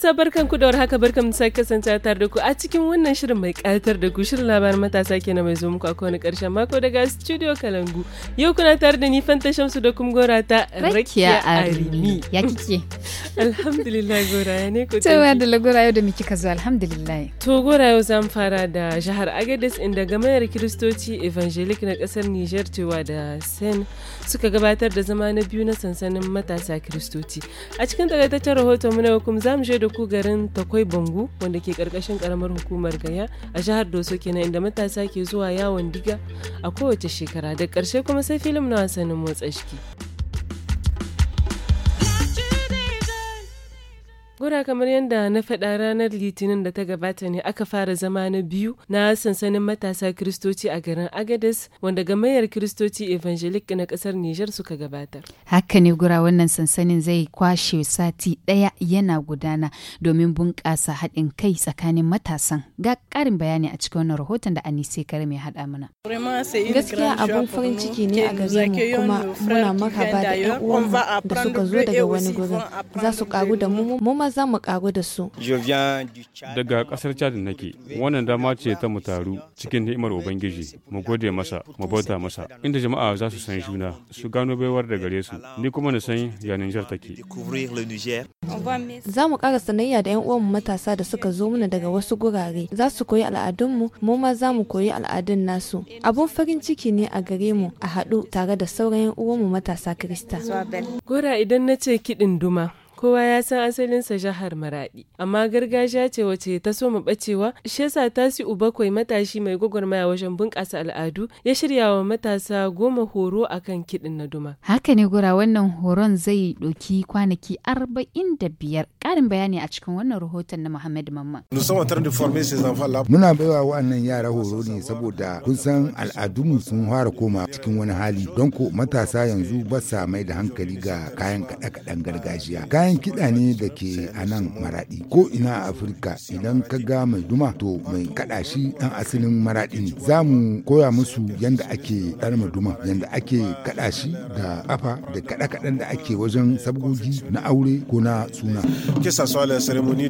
sa barkan ku da haka barkan mu sake kasance tare da ku a cikin wannan shirin mai katar da ku shirin labarin matasa kenan mai zo muku a kowane karshen mako daga studio Kalangu. Yau kuna tare da ni Fanta Shamsu da kuma gora ta Rakiya Arimi. Ya kike? alhamdulillah gora ne ku cewa da lagora yau da muke ka alhamdulillah to gora yau zan fara da jihar agadez inda gamayar kiristoci evangelic na kasar niger cewa da sen suka gabatar da zama na biyu na sansanin matasa kiristoci a cikin takaitaccen rahoton mu na hukum za mu da ku garin takwai bangu wanda ke karkashin karamar hukumar gaya a jihar doso kenan inda matasa ke zuwa yawon diga a kowace shekara da karshe kuma sai filim na wasannin motsa jiki. Laura kamar yadda na faɗa ranar Litinin da ta gabata ne aka fara zama na biyu na sansanin matasa Kiristoci a garin Agadez wanda gamayar Kiristoci Evangelic na ƙasar Nijar suka gabatar. Haka ne gura wannan sansanin zai kwashe sati ɗaya yana gudana domin bunƙasa haɗin kai tsakanin matasan. Ga ƙarin bayani a cikin wannan rahoton da Anise Karim ya haɗa mana. Gaskiya abun farin ciki ne a gare mu kuma muna marhaba da 'yan uwanmu da suka zo daga wani gurin za su ƙaru da mu mu maza za mu kagu da su. Daga ƙasar Chad nake, wannan dama ce ta mu taru cikin ni'imar Ubangiji, mu gode masa, mu bauta masa, inda jama'a za su san juna, su gano baiwar da gare su, ni kuma na san ya Nijar take. Za mu ƙara sanayya da 'yan uwanmu matasa da suka zo mana daga wasu gurare, za su koyi al'adun mu mu ma za mu koyi al'adun nasu. Abun farin ciki ne a gare mu a haɗu tare da sauran 'yan uwanmu matasa Kirista. Gora idan na ce kiɗin duma. kowa ya san asalinsa jihar Maradi, amma gargajiya ce wace ta so mu bacewa, shi yasa tasi bakwai matashi mai gwagwarmaya wajen bunƙasa al'adu ya shirya wa matasa goma horo akan kiɗin na duma. Haka ne gura wannan horon zai ɗauki kwanaki arba'in da biyar. Ƙarin bayani a cikin wannan rahoton na Muhammad mamma Muna baiwa wannan yara horo ne saboda kun san al'adunmu sun fara koma cikin wani hali don ko matasa yanzu ba sa mai da hankali ga kayan kaɗe-kaɗen gargajiya. Kayan kayan kiɗa ne da ke a nan maraɗi ko ina a afirka idan ka ga mai duma to mai kaɗa shi ɗan asalin maraɗi ne za mu koya musu yadda ake ɗarma duma yadda ake kaɗa shi da ƙafa da kaɗa kaɗan da ake wajen sabgogi na aure ko na suna. Kisa Ceremony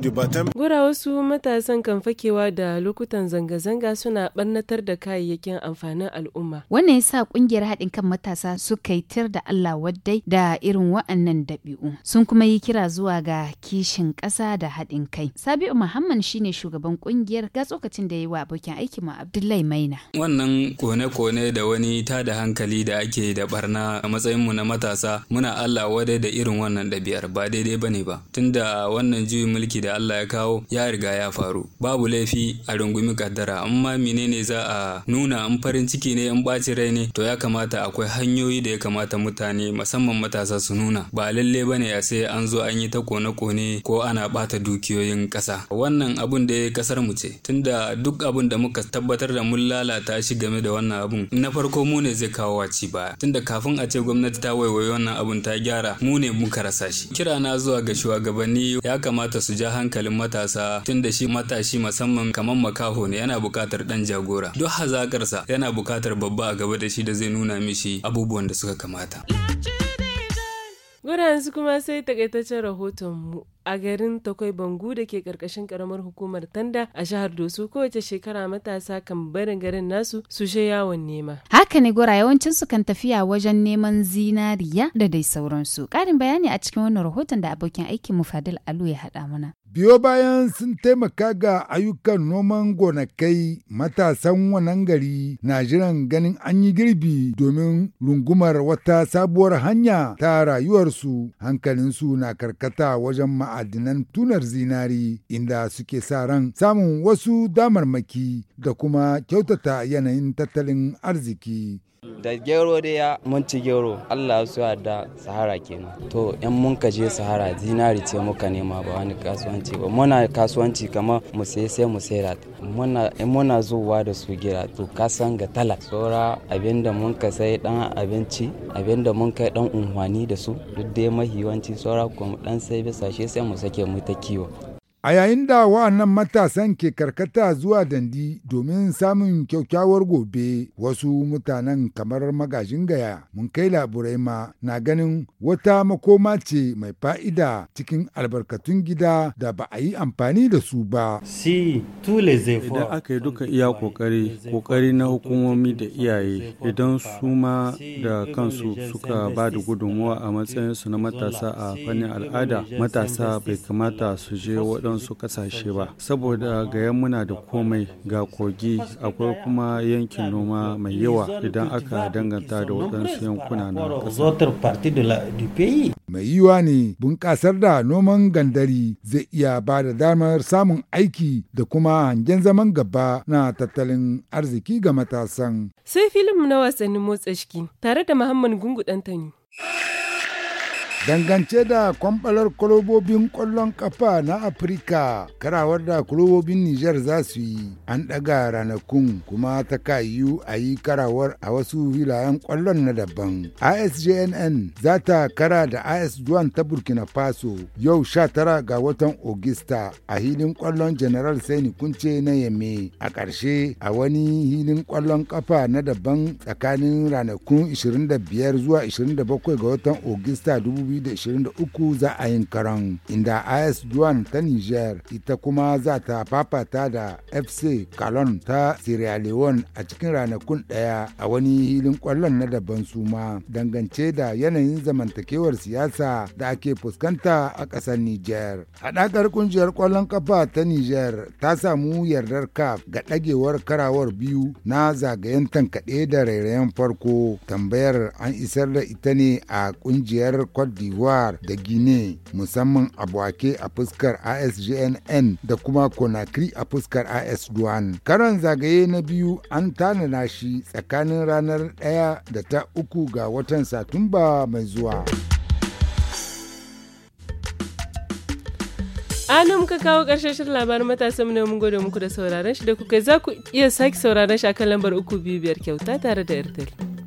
Gura wasu matasan kan fakewa da lokutan zanga-zanga suna ɓannatar da kayayyakin amfanin al'umma. Wannan ya sa ƙungiyar haɗin kan matasa suka yi tir da Allah waddai da irin wa'annan dabi'u Sun kuma yi kira zuwa ga kishin ƙasa da haɗin kai. Sabi'u Muhammad shine shugaban ƙungiyar ga tsokacin da ya yi wa abokin aikin mu Abdullahi Maina. Wannan kone-kone da wani ta da hankali da ake da barna a matsayin mu na matasa muna Allah wadai da irin wannan ɗabi'ar ba daidai bane ba. Tunda wannan juyin mulki da Allah ya kawo ya riga ya faru. Babu laifi a rungumi kaddara amma menene za a nuna an farin ciki ne in ɓaci rai ne to ya kamata akwai hanyoyi da ya kamata mutane musamman matasa su nuna ba lalle bane a sai an zo an yi ta kone-kone ko ana bata dukiyoyin kasa wannan abun da ya kasar mu ce tunda duk abun da muka tabbatar da mun lalata shi game da wannan abun na farko mu ne zai kawo waci baya tunda kafin a ce gwamnati ta waiwayi wannan abun ta gyara mu ne muka rasa shi kira na zuwa ga shugabanni ya kamata su ja hankalin matasa tunda shi matashi musamman kamar makaho ne yana bukatar dan jagora duk hazakarsa yana bukatar babba a gaba da shi da zai nuna mishi abubuwan da suka kamata. Gwada yanzu kuma sai takaitaccen rahotonmu. a garin takwai bangu da ke karkashin karamar hukumar tanda a jihar doso kowace shekara matasa kan barin garin nasu su she yawon nema haka ne gora yawancin su kan tafiya wajen neman zinariya da dai sauransu karin bayani a cikin wannan rahoton da abokin aikin mu fadil alu ya haɗa mana Biyo bayan sun taimaka ga ayyukan noman gonakai matasan wannan gari na jiran ganin an yi girbi domin rungumar wata sabuwar hanya ta rayuwarsu hankalinsu na karkata wajen ma'adinan tunar zinari inda suke sa ran samun wasu damarmaki da kuma kyautata yanayin tattalin arziki. da gero dai ya manci gero Allah su da sahara kenan to in mun ka je sahara zinari ce muka nema ba wani kasuwanci ba muna kasuwanci kamar mu sai sai mu sai muna muna zuwa da su gida to kasan ga tala tsora abinda mun ka sai dan abinci abinda mun kai dan unhwani da su duk dai mahiwanci tsora kuma dan sai bisa shi sai mu sake mu ta kiwo A yayin da wa'annan matasan ke karkata zuwa dandi domin samun kyakkyawar gobe wasu mutanen kamar magajin gaya mun kai laburai ma na ganin wata makoma ce mai fa'ida cikin albarkatun gida da ba a yi amfani da su ba. Si, idan aka yi duka iya kokari, kokari na hukumomi da iyaye idan su ma da kansu suka ba da gudunmuwa a matsayinsu na matasa a fannin al'ada matasa bai kamata su je waɗansu waɗansu ƙasashe ba saboda gayan muna da komai ga kogi akwai kuma yankin noma mai yawa idan aka danganta da waɗansu yankuna na mai yiwa ne bunƙasar da noman gandari zai iya ba da damar samun aiki da kuma hangen zaman gaba na tattalin arziki ga matasan. Sai filin na wasannin motsa shiki tare da Muhammad Gungu Ɗantani. dangance da kwamfalar kwalobobin kwallon kafa na afirka karawar da kwalobobin niger za su yi an daga ranakun kuma ta kayu a yi karawar a wasu filayen kwallon na daban asjnn za ta kara da as juan ta burkina faso yau 19 ga watan ogista a hilin kwallon general saini kunce na yame a ƙarshe a wani hilin kwallon kafa na daban tsakanin ranakun 25 zuwa 27 ga watan ogista 2023 za a yin karan inda is Juan ta Niger ita kuma za ta fafata da FC Calon ta Sierra Leone a cikin ranakun daya a wani hilin kwallon na daban suma dangance da yanayin zamantakewar siyasa da ake fuskanta a ƙasar Niger. Haɗakar ƙungiyar kwallon kafa ta Niger ta samu yardar kaf ga ɗagewar karawar biyu na zagayen tankaɗe da rairayen farko tambayar an isar da ita ne a ƙungiyar d'Ivoire da Guinea musamman abuake a fuskar ASGNN da kuma Conakry a fuskar AS Duan. Karon zagaye na biyu an tanana shi tsakanin ranar ɗaya da ta uku ga watan Satumba mai zuwa. ana muka kawo ƙarshen shirin labarin matasan mu mun gode muku da sauraron shi da kuka za ku iya sake sauraron shi a kan lambar uku biyu biyar kyauta tare da airtel